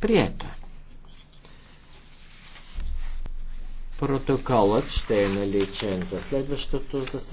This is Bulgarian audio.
Прието. Е. Протоколът ще е наличен за следващото заседание.